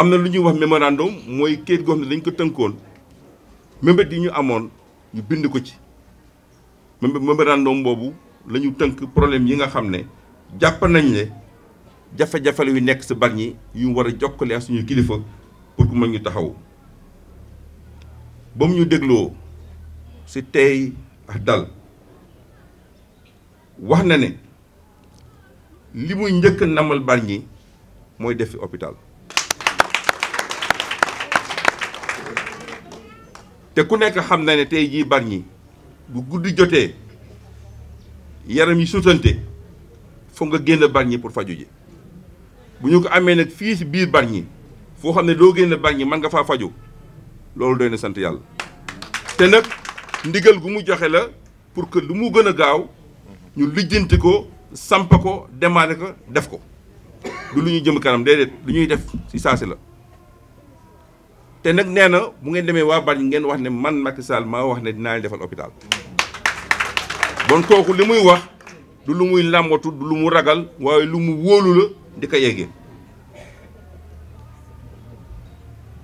am na lu ñuy wax mémorandum mooy kayit goo xam ne dañ ko tënkoon mébét yi ñu amoon ñu bind ko ci mémorandum boobu la ñu tënk problème yi nga xam ne jàpp nañ ne jafe-jafe yu nekk si barñi yu war a jokkale ak suñu kilifa pour que mën ñu taxaw ba mu ñu dégloo si tey dal wax na ne li muy njëkk namal bar ñi mooy def fi hôpital te ku nekk xam na ne tey jii bar ñi bu guddi jotee yaram yi sutante foog nga génn bar ñi pour faju ji bu ñu ko amee nag fii biir bar ñi foo xam ne loo génn bar ñi man nga faa faju loolu doy na sant yàlla te nag ndigal gu mu joxe la pour que lu mu gën a gaaw ñu lijjanti ko samp ko démarré ko def ko du lu ñuy jëm kanam déedéet lu ñuy def si la te nag nee na bu ngeen demee waa Bargny ngeen wax ne man Macky Sall maa wax ne dinaa leen defal hôpital bon kooku li muy wax du lu muy làmbatu du lu mu ragal waaye lu mu wóolu la di ko yeggee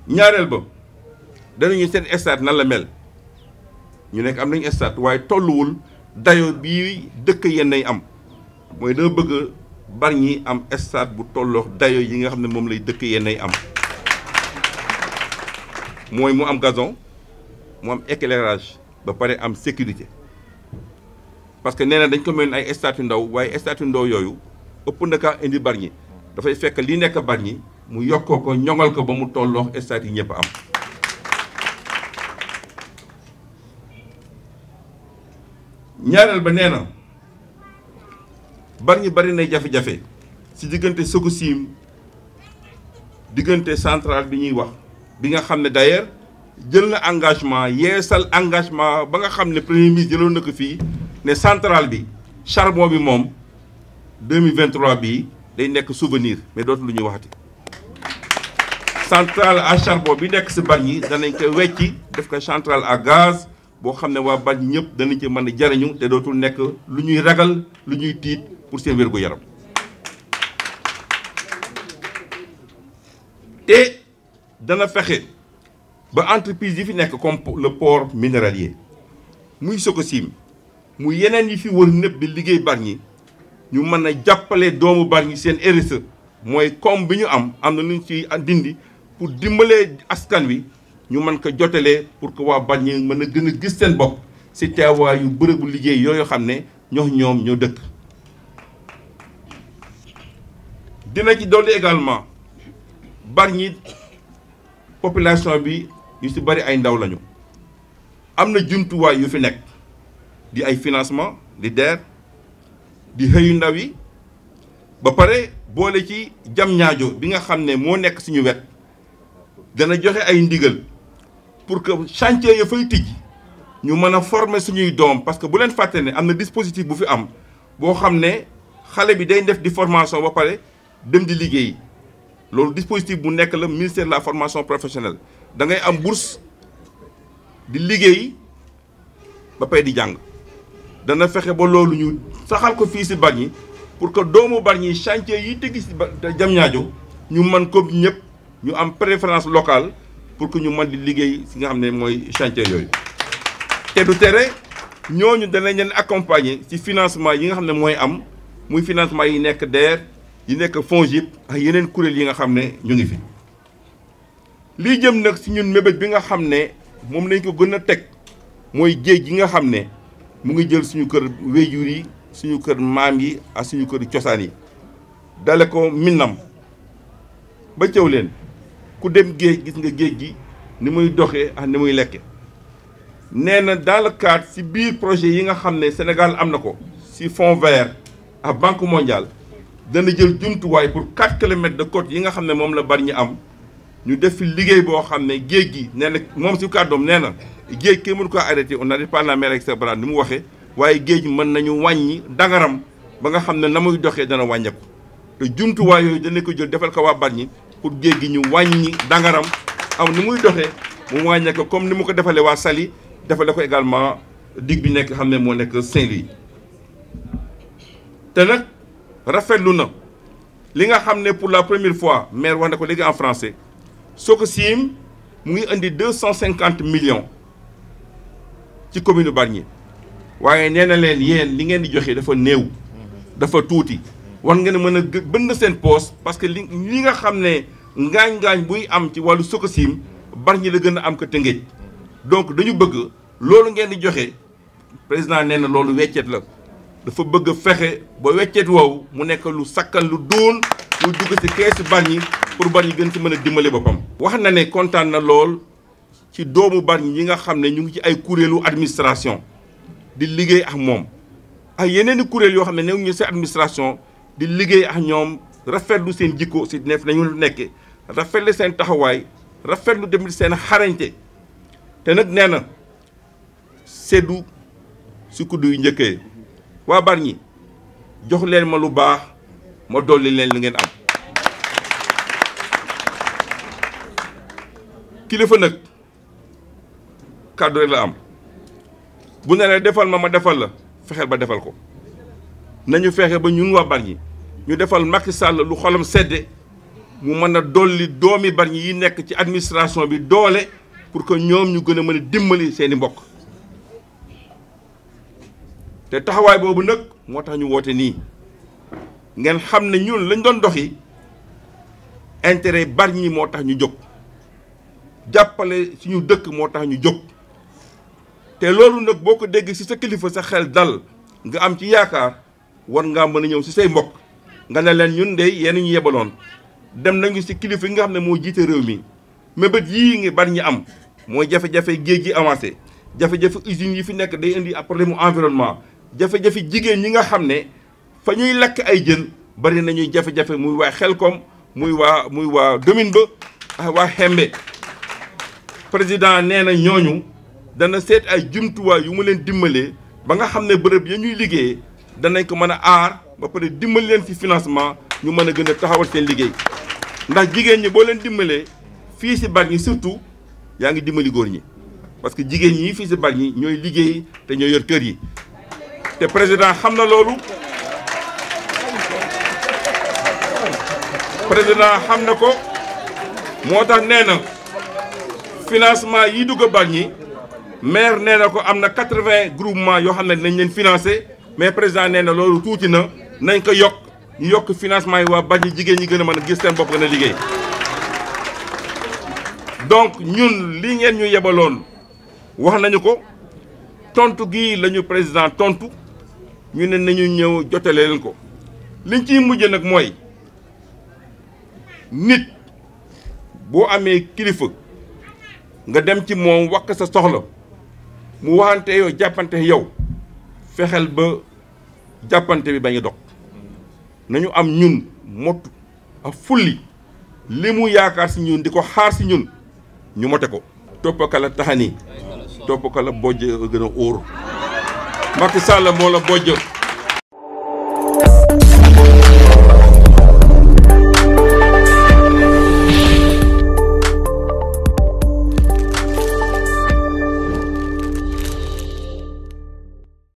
ñaareel ba danañu seen stade na la mel ñu nekk am nañu stade waaye tolluwul dayo bii dëkk yenn yi am mooy dama bëgg Bargny am stade bu tolloog dayo yi nga xam ne moom lay dëkk yenn yi am mooy mu am gazon mu am éclairage ba paré am sécurité parce que néna dañ ko mel ay statu ndaw way statu ndaw yoyu ëpp ndaka indi indi da fay fekk li nekk Bargny mu yokko ko ñongal ko ba mu tolloo statu ñepp am. ñaaral ba néna na bari nay jafé jafé ci digënté Sococim digënté centrale bi ñuy wax. bi nga xam ne d'ailleurs jël na engagement yeesal engagement ba nga xam ne premier ministre jëloon na ko fii ne centrale bi charbon bi moom 2023 bii day nekk souvenir mais dootul lu ñuy waxati centrale à charbon bi nekk si yi danañ ko wecci def ko centrale à gaz boo xam ne waa Bargny ñëpp danañ ci mën a jariñu te dootul nekk lu ñuy ragal lu ñuy tiit pour seen wér-gu-yaram dana fexé ba entreprise yi fi nek comme le port minéralier muy Sococim muy yenen yi fi wër neub bi liggéey Bargny ñu mën jappalé jàppale doomu Bargny seen RSE moy comme bi ñu am am na ñu ci dindi pour dimbalee askan wi ñu mën ko jotalé pour que waa Bargny mën a gën gis seen bopp ci tawa yu bërëbu liggéey yooyu xamné ñox ñom ñoo dëkk dina ci dolli également Bargny population bi yu ci bari ay ndaw lañu am na jumtuwaay yu fi nekk di ay financement di deer di xëyu ndaw yi ba pare boole ci jam ñaajo bi nga xam ne moo suñu wet dana joxe ay ndigal pour que chantier ya fay tijj ñu mën former suñuy doom parce que bu leen fàtte ne am dispositif bu fi am boo xam ne xale bi day def di formation ba pare dem di liggéey loolu dispositif bu nekk la ministère de la formation professionnelle dangay am bourse di liggéey ba pay di jàng dana fexe ba loolu ñu saxal ko fii si Bargny pour que doomu Bargny chantier yi tëgg si Diamniadio ñu man ko ñëpp ñu am préférence locale pour que ñu mën di liggéey si nga xam ne mooy chantier yooyu te du tere ñooñu danañ leen accompagner ci financement yi nga xam ne mooy am muy financement yi nekk DER yi nekk FONGIP ak yeneen kuréel yi nga xam ne ñu ngi fi lii jëm nag si ñun mébét bi nga xam ne moom lañ ko gën a teg mooy géej gi nga xam ne mu ngi jël suñu kër wéyjur yi suñu kër maam yi ak suñu kër cosaan yi dale ko Minam ba jëw leen ku dem géej gis nga géej gi ni muy doxee ak ni muy lekke nee na dans le cadre si biir projet yi nga xam ne Sénégal am na ko si Fonds Vert ak Banque mondiale dana jël jumtuwaay pour 4 kilomètres de côte yi nga xam ne moom la bari ñu am ñu def fi liggéey boo xam ne géej gi nee nag moom si kàddoom nee na géej kenn mënu ko arrêté on n'arrête pas la mer avec ses bras ni mu waxee waaye géej mën nañu wàññi dangaram ba nga xam ne na muy doxee dana wàññeeku te jumtuwaay yooyu dana ko jël defal ko waa ñi pour géej gi ñu wàññi dangaram aw ni muy doxee mu wàññeeku comme ni mu ko defalee waa sali defale ko également digue bi nekk xam ne moo nekk Saint-Louis Rafael Luna, li nga pour la première fois maire wax en français ce nous y indi 250 millions ci commune de li ngeen di dafa dafa a parce que li que nga savez, am ci Walu sokosim la gën am ko donc dañu bëgg loolu ngeen di le président néna loolu la dafa bëgg a fexe ba weccet woowu mu nekk lu sakkan lu doon lu dugg ci keesu Bargny pour Bargny gën ci mën a dimbale boppam. wax na ne kontaan na lool ci doomu Bargny yi nga xam ne ñu ngi ci ay kuréelu administration di liggéey ak moom ak yeneen i kuréel yoo xam ne new ñu ci administration di liggéey ak ñoom rafetlu seen jikko ci na ñu nekk rafetlu seen taxawaay rafetlu dem seen xarañte te nag nee na seddu ci kuddu yu njëkkee. waa Bargny jox leen ma lu baax ma dolli leen li ngeen am kilifa nag kàddu rek la am bu ne defal ma ma defal la fexeel ba defal ko nañu fexe ba ñun waa Bargny ñu defal Macky Sall lu xolam sedd mu mën a dolli doomi Bargny yi nekk ci administration bi doole pour que ñoom ñu gën a mën a dimbali seeni mbokk te taxawaay boobu nag moo tax ñu woote nii ngeen xam ne ñun lañ doon doxi intérêt bari ñi moo tax ñu jóg jàppale suñu dëkk moo tax ñu jóg te loolu nag boo ko dégg ci sa kilifa sa xel dal nga am ci yaakaar war ngaa mën a ñëw ci say mbokk nga ne leen ñun de yéen ñu yebaloon dem nañu ci kilifa yi nga xam ne moo jiite réew mi mébét yii ngi bari ñi am mooy jafe-jafe géej gi avancé jafe-jafe usines yi fi nekk day indi problème mu environnement jafe-jafe jigéen ñi nga xam ne fa ñuy lakk ay jën bari nañuy jafe-jafe muy waa xelkom muy waa muy waa domaine ba ah waa xembe président nee na ñooñu dana seet ay jumtuwaay yu mu leen dimbalee ba nga xam ne bërëb ya ñuy liggéeye danañ ko mën a aar ba pare dimbal leen ci financement ñu mën a gën a taxawal seen liggéey ndax jigéen ñi boo leen dimbalee fii si bag ñi surtout yaa ngi dimbali góor ñi parce que jigéen ñi fii si bag ñi ñooy liggéey te ñooy yor kër yi le président xam na président xam ko moo Nena. financement yi dugg a maire Nena ko Amna 80 groupements yoo xam financé mais président Nena na loolu tuuti na nañ ko Yok ñu financement yi waa Jigé jigéen ñi gën a mën a gis seen a donc ñun li ngeen ñu yebaloon wax nañu ko tontu gii lañu président tontu ñu ne nañu ñëw jotale leen ko liñ ciy mujj nag mooy nit boo amee kilifa nga dem ci moom wax sa soxla mu waxante yow jàppante yow fexeel ba jàppante bi bañ dog nañu am ñun mottu ak fulli li mu yaakaar si ñun di ko xaar si ñun ñu mote ko toppaka la taxani toppaka la bojj gën a óor Macky Sall moo la bojj